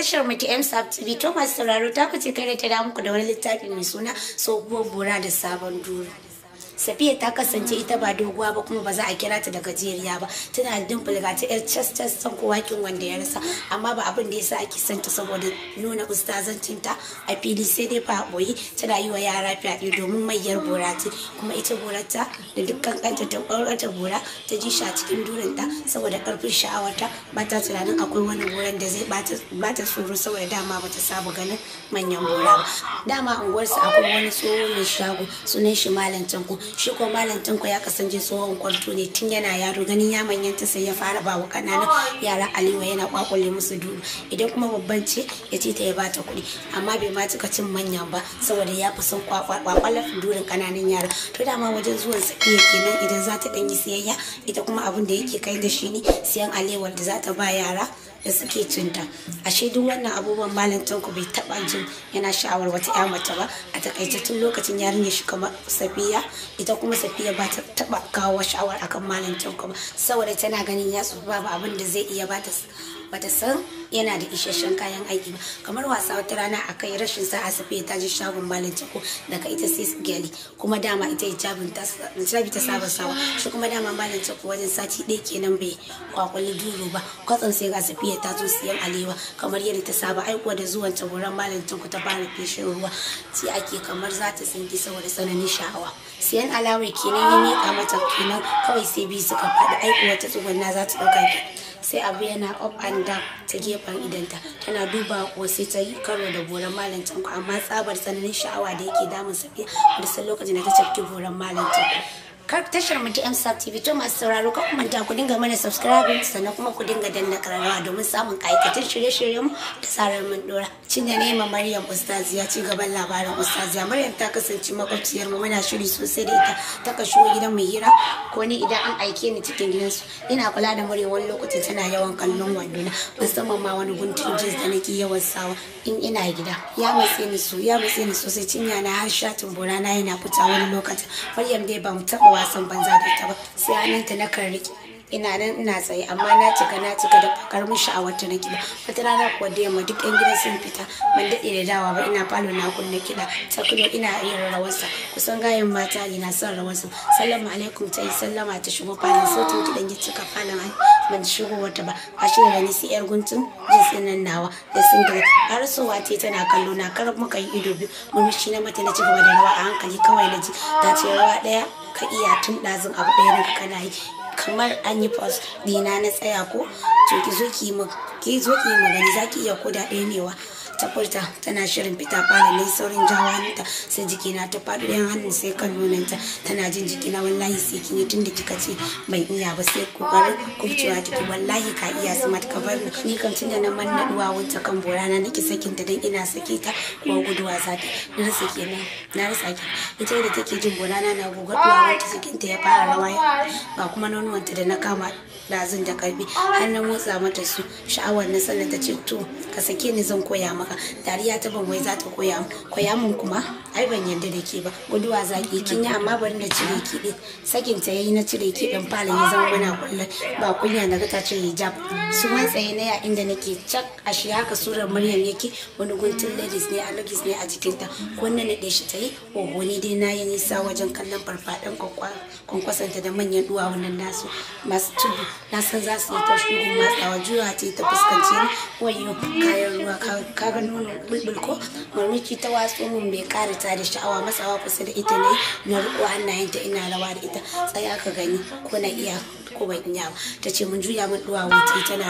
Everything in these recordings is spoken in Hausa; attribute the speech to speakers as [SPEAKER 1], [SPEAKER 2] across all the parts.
[SPEAKER 1] tashar mu ta MSAP TV to masu sauraro ta kuce kare ta da muku da wani littafi mai suna tsohuwar bora da sabon dura. safiya ta kasance ita ba doguwa ba kuma ba za a kira ta da gajeriya ba tana ga ta yar chester ko wakin wanda ya rasa amma ba abin da yasa ake son ta saboda nuna ustazancin ta a fili sai dai fa boyi tana yi wa yara fyaɗe domin mayar borati kuma ita borata da dukkan kanta ta ƙwarƙwata bora ta ji shi a cikin durinta saboda ƙarfin sha'awarta ba ta tunanin akwai wani goran da zai ba ta tsoro saboda dama ba ta saba ganin manyan bora ba dama unguwarsa akwai wani tsoho mai shago sunan shi malam tanko shi ko malam ya kasance tsohon kwanto ne tun yana yaro ganin ya manyanta sai ya fara bawa kanana yara alewa yana kwakwale musu duru idan kuma babban ce ya ce ta ya ta kuɗi amma bai ma cika cin manya ba saboda ya fi son kwakwalar durin kananan yara to dama wajen zuwan sa iya kenan idan za ta yi siyayya ita kuma abin da yake kai da shi ne siyan alewar da za ta ba yara da suke cinta ashe duk wannan abubuwan malam tanku bai taba jin yana sha'awar wata ya mace ba a tun lokacin yarinya shi kama safiya ita kuma safiya ba ta taba kawo shawara akan malam tanko ba saboda tana ganin ya tsufa ba abin da zai iya ba ta san yana da isasshen kayan aiki kamar wasa wata rana a kai rashin sa asafe ta ji shagon malam jako daga ita sai gali kuma dama ita hijabin ta saba sawa shi kuma dama malam jako wajen sati ɗaya kenan bai kwakwali duro ba kwatsan sai ga safiya ta zo siyan alewa kamar yadda ta saba aikuwa da zuwan ta wurin malam jako ta fara feshin ruwa sai ake kamar za ta tsinki saboda tsananin sha'awa siyan alawai kenan ya miƙa mata kenan kawai sai biyu suka faɗi aikuwa ta tsugunna za ta ɗauka sai abu yana up and down ta gefen idanta tana duba ko sai ta yi karo da boran malam amma tsabar tsananin sha'awa da yake damun safiya da lokacin da ta cafke boran malam kar tashar mu ta MSAP TV to masu sauraro kan manta ku dinga mana subscribe sannan kuma ku dinga danna karawa domin samun kayatattun shirye-shiryen mu da tsarar mun dora cin da nema Maryam Ustaziya ci gaban labarin Ustaziya Maryam ta kasance makwabciyar mu muna shiri sosai da ita ta kasho gidan mu hira ko ni idan an aike ni cikin su ina kula da murya wani lokaci tana yawan kallon wanduna musamman ma wani guntun jeans da nake yawan sawa in ina gida ya matse ni su ya matse ni sosai cinya na har shatin bora na yana fita wani lokacin Maryam dai ba mu taba san banza da ta ba sai hannunta na kan riƙe ina nan ina tsaye amma na cika na cika da fakar mushi a wata na kiɗa wata rana kuwa da yamma duk yan gidan sun fita ban daɗe da dawa ba ina falo na kunna kiɗa ta kuno ina yin rawarsa kusan gayan mata ina na son rawarsa sallama alaikum ta yi sallama ta shigo falon sautin kiɗan ya cika falon ban shigo wata ba a shi da ni sai yar guntun jin nan nawa da singila har sowa ta tana kallo na kar muka yi ido biyu murmushi na mata na ci gaba da rawa a hankali kawai na ji ta ce rawa ɗaya ka iya tun ɗazun abu ɗaya na kana yi kamar an yi fas dina na tsaya ko to ki zo ki yi magani za ki iya koda ɗaya newa ta tana shirin fita fara ne saurin jawo hannunta sai jikina ta faɗi yan hannun sai kan ta tana jin jikina wallahi sai kin yi tunda kika ce bai iya ba sai kokarin kubcewa take wallahi ka iya su ka bar ni kan tunda na manna duwawunta kan na nake sakin ta dan ina sake ta kuma guduwa za ta na rasa kenan na rasa ke ita da take jin bora na gugar wanta sakin ta ya fara rawa ba kuma nonuwanta da na kama lazin da karfi har na motsa mata su sha'awar na sannan ta ce to ka sake ni zan koya maka dariya ta ban wai za ta koya koya mun kuma ai ban yadda da ke ba guduwa zaki kin yi amma bari na cire ki din sakin ta yayi na cire ki din falin ya zama muna kullum ba kunya na ta ce hijab su mai tsaye na ya inda nake cak a shi haka surar muryar yake wani guntun ladies ne a ladies ne a jikinta wannan shi ta yi oho ne dai na yi nisa wajen kallon farfaɗan kwankwasanta da manyan duwa wannan nasu masu tudu na san za su yi ta shugun matsawa juyawa ta yi ta fuskanci ni wayo kayan ruwa kaga nono bulbul ko mamaki ta watsu mun bai kare ta wasa da sha'awa matsawa kusa da ita ne na riko hannayenta ina rawa da ita tsaya ka gani ko na iya ko ban iya ba ta ce mun juya mun duwawu na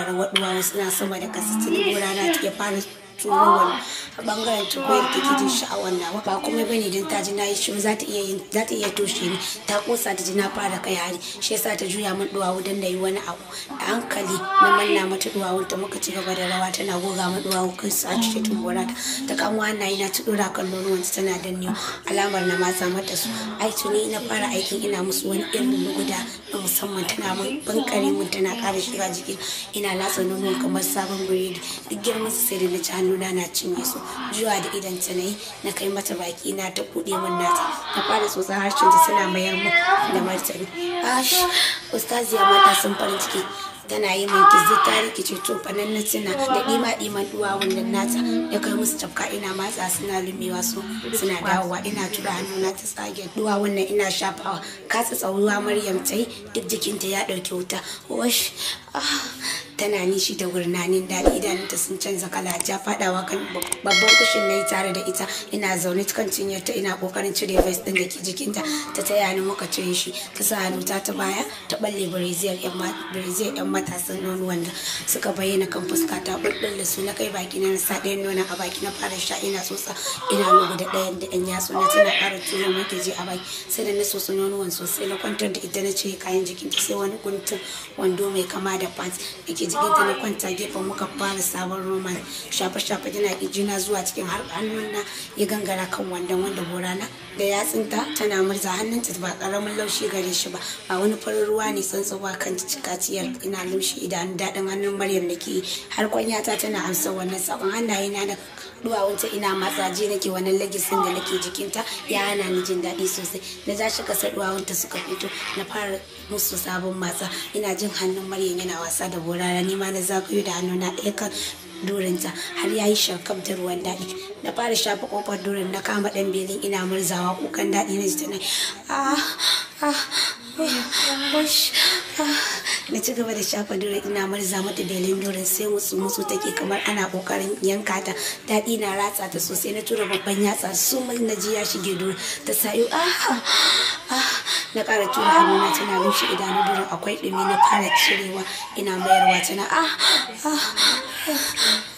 [SPEAKER 1] rawa wasu suna sama da kasa tuni na take fara tsoron a ah, bangaren ta koyar da ke jin sha'awar nawa ba kuma bane don ta ji na yi shiru za ta iya yin za ta iya toshe ni ta kosa ta ji na fara kai hari shi yasa ta juya min duwawu don na yi wani abu da hankali na manna mata duwawun ta muka ci gaba da rawa tana goga min duwawu kai sa ta tumbura ta ta kamo na ci dora kan nonuwan tana danniyo alamar na matsa mata su ai tuni na fara aikin ina musu wani irin luguda na musamman tana min bankare tana kara shiga jiki ina latsa nonuwan kamar sabon biredi duk girman su sai da na hannuna na cinye su zuwa da idan ta nayi na kai mata baki na ta kuɗe min nata ta fara tsotsa harshen ta suna mayar mu da martani ash ustaziya mata sun farin ciki tana yi mai gizi ta rikice to fanan na tuna da ɗima ɗiman duwa wannan nata ya kai musu tafka ina matsa suna lumewa su suna dawowa ina tura hannuna ta tsage duwa wannan ina shafawa katsa ruwa maryam ta duk jikinta ya ɗauki wuta wash ah, tana nishi da gurnanin daɗi idanunta sun canza kala ja faɗawa kan babban kushin na yi tare da ita ina zaune kan ta ina kokarin cire vest din da ke jikinta ta taya ni muka cire shi ta sa hannu ta ta baya ta balle brazil yan matasan nono wanda suka bayyana kan fuska ta bulbul da su na kai baki na sa ɗayan nono a baki na fara sha ina tsotsa ina nugu da ɗayan da ɗan yatsu na tana ƙara turo muke je a baki sai da na tsotsa nonuwan sosai na kwantar da ita na cire kayan jikinta sai wani guntun wando mai kama da pants da ke jikinta na kwanta gefen muka fara sabon roman shafe-shafe yana kijina zuwa cikin har hannun na ya gangara kan wandon wanda na. da yatsunta tana murza hannunta ba karamin laushi gare shi ba ba wani farin ruwa ne tsawa kan cikaciyar ina lumshi idanun daɗin hannun maryam da ke har kwanyata tana amsa wannan sabon hannaye na da duwawunta ina matsaje nake wannan lagisin da nake jikinta ya hana ni jin daɗi sosai na za shi kasar duwawunta suka fito na fara musu sabon matsa ina jin hannun maryam yana wasa da borara nima da zagayo da hannuna ɗaya kan durinta har ya yi shakam ta ruwan daɗi na fara shafa ƙofar durin na kama ɗan belin ina murzawa kukan daɗi na ji nai ah, ah, ah, na ci gaba da shafa durin ina murza mata belin durin sai musu musu take kamar ana kokarin yanka ta daɗi na ratsa ta sosai na tura babban yatsa su na ji ya shige durin ta sayo ah na ƙara tun hannuna tana rushe idanu biyu akwai ɗumi na fara cirewa ina mayarwa tana ah, ah, ah,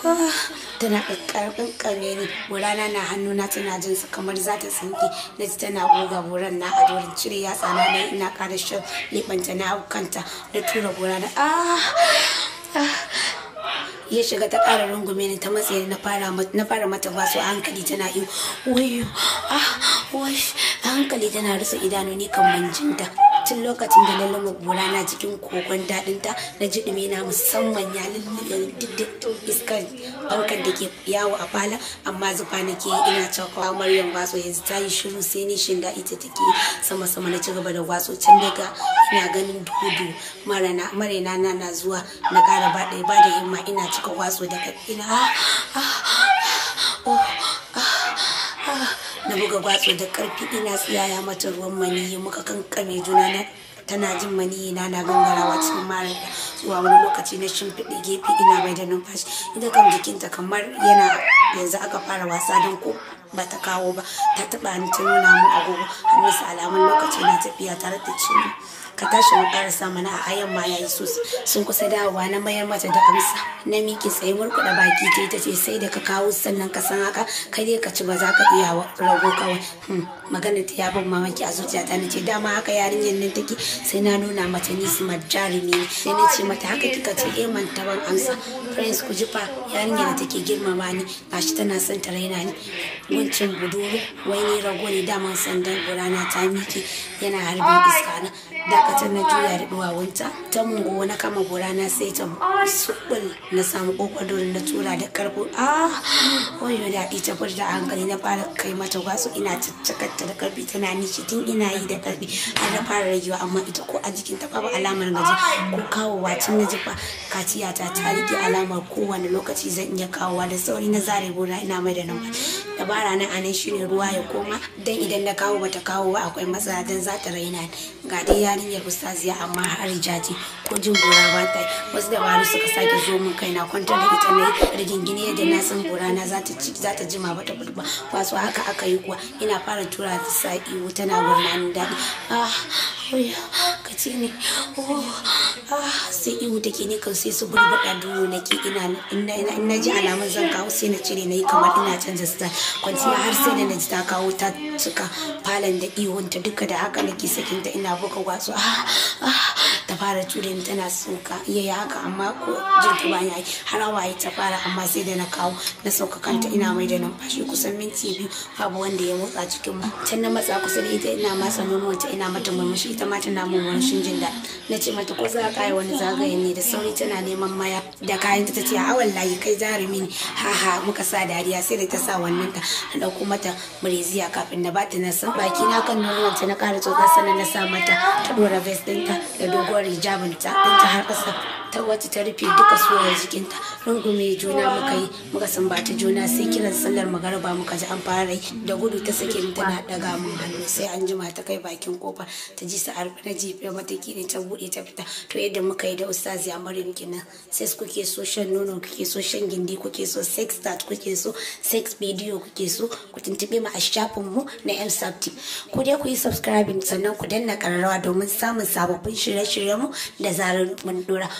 [SPEAKER 1] ah. tana ƙarƙarƙin ƙame ni burana na hannuna tana jin su kamar za ta tsinke na ji tana goga buran na a dorin cire yatsa na ina ƙara shan leɓanta na kanta da tura burana ah ya shiga ta ƙara rungume ni ta matsayi na fara mata basu a hankali tana yi wayo ah wayo hankali tana rusa idanuni kan manjinta tun lokacin da lama gora na jikin kokon daɗinta na ji ɗume na musamman ya lullube diddiktun iskar bankan da ke yawo a bala amma zufa ke ina cakawa maryam waso yanzu ta yi shiru sai ni shin da ita take sama sama na cigaba da waso can daga ina ganin dudu marana marena na na zuwa na kara ba ɗaya ba da himma ina cika waso daga ina ah, ah, ah, oh na buga gwatsu da karfi ina tsiyaya mata ruwan maniyi muka kankame juna na tana jin maniyi na na gangarawa cikin marar zuwa wani lokaci na shimfiɗe gefe ina mai da numfashi ina kan jikinta kamar yana yanzu aka fara wasa don ko ba ta kawo ba ta taɓa ni ta nuna mu agogo har su alamun lokaci na tafiya tare da ce ka tashi mu karasa mana a hayan ma yayi sus sun kusa dawowa na mayar mata da amsa na miki sai murkuɗa baki ta ita ce sai da ka kawo sannan ka san haka kai dai ka ci ba za ka iya rago kawai hmm, magana ta yabon mamaki a zuciya na ce dama haka yarinyar nan take sai na nuna mata ni su majari ne sai na ce mata haka kika ce eh man taban amsa prince kujifa yarinyar da take girmama ni gashi tana son ta raina ni cin buduru wani ni daman sandan ƙurana ta miki yana harbin iska na dakatar na juya da duwawunta ta mungo na kama gurana sai ta subul na samu kokwadorin na tura da karfo ah wayo daɗi ta furta hankali na fara kai mata gwasu ina caccakarta da karfi tana nishi tun ina yi da karfi har da fara rayuwa amma ita ko a jikin ta babu alamar gaji ko kawowa wacin na jifa kaciya ta ta rike alamar kowane lokaci zan iya kawowa da sauri na zare gona ina mai da nan dabara ranar ni a nan shirin ruwa ya koma dan idan na kawo bata kawo ba akwai matsala dan za ta raina ga dai yarinyar ustaziya amma har jaji ko jin gora ba ta wasu dabaru suka sake zo mun kai na kwanta da ita ne rigingine yadda na san gora na za ta za ta jima bata gudu ba wasu haka aka yi kuwa ina fara tura ta sa'i tana gurnan daɗi ah oya ka ce ne oh, ah, sai ihu take ne kan sai su burbuɗa duro na ke ina ina ji alamun zan kawo sai na cire na yi kamar ina canza sta kwanciya har sai da na ji ta kawo ta cika falon da ihunta duka da haka nake sakinta ina buga wasu ah ah ta fara cure tana soka iya ya haka amma ko jin ta bani ai har awaye ta fara amma sai da na kawo na sauka kanta ina mai da numfashi kusan minti biyu babu wanda ya motsa cikin mu can na matsa kusa da ita ina masa nono ta ina mata murmushi ita ma tana wani murmushin jin daɗi na ce mata ko za ka yi wani zagaye ne da sauri tana neman maya da kayan ta ce a wallahi kai jarumi ne ha ha muka sa dariya sai da ta sa wannan ta a ɗauko mata mureziya kafin na ba ta na san baki na kan nuna ta na ƙara tsotsa sannan na sa mata ta ɗora vest ɗinta da dogon बड़ी जा बन चाहते जहाँ का सब ta wace ta rufe duka soyar jikinta rungume juna muka yi muka sambata juna sai kiran sallar magaraba muka ji an fara da gudu ta sake ni tana daga mun hannu sai an jima ta kai bakin kofa ta ji sa'ar na jefe mata kine ta bude ta fita to yadda muka yi da ustazi a maryam kenan sai kuke so shan nono kuke so shan gindi kuke so sex start kuke so sex video kuke so ku tuntube mu a shafin mu na msafti ku dai ku yi subscribing sannan ku danna kararrawa domin samun sababbin shirye-shiryen mu da zarar mun dora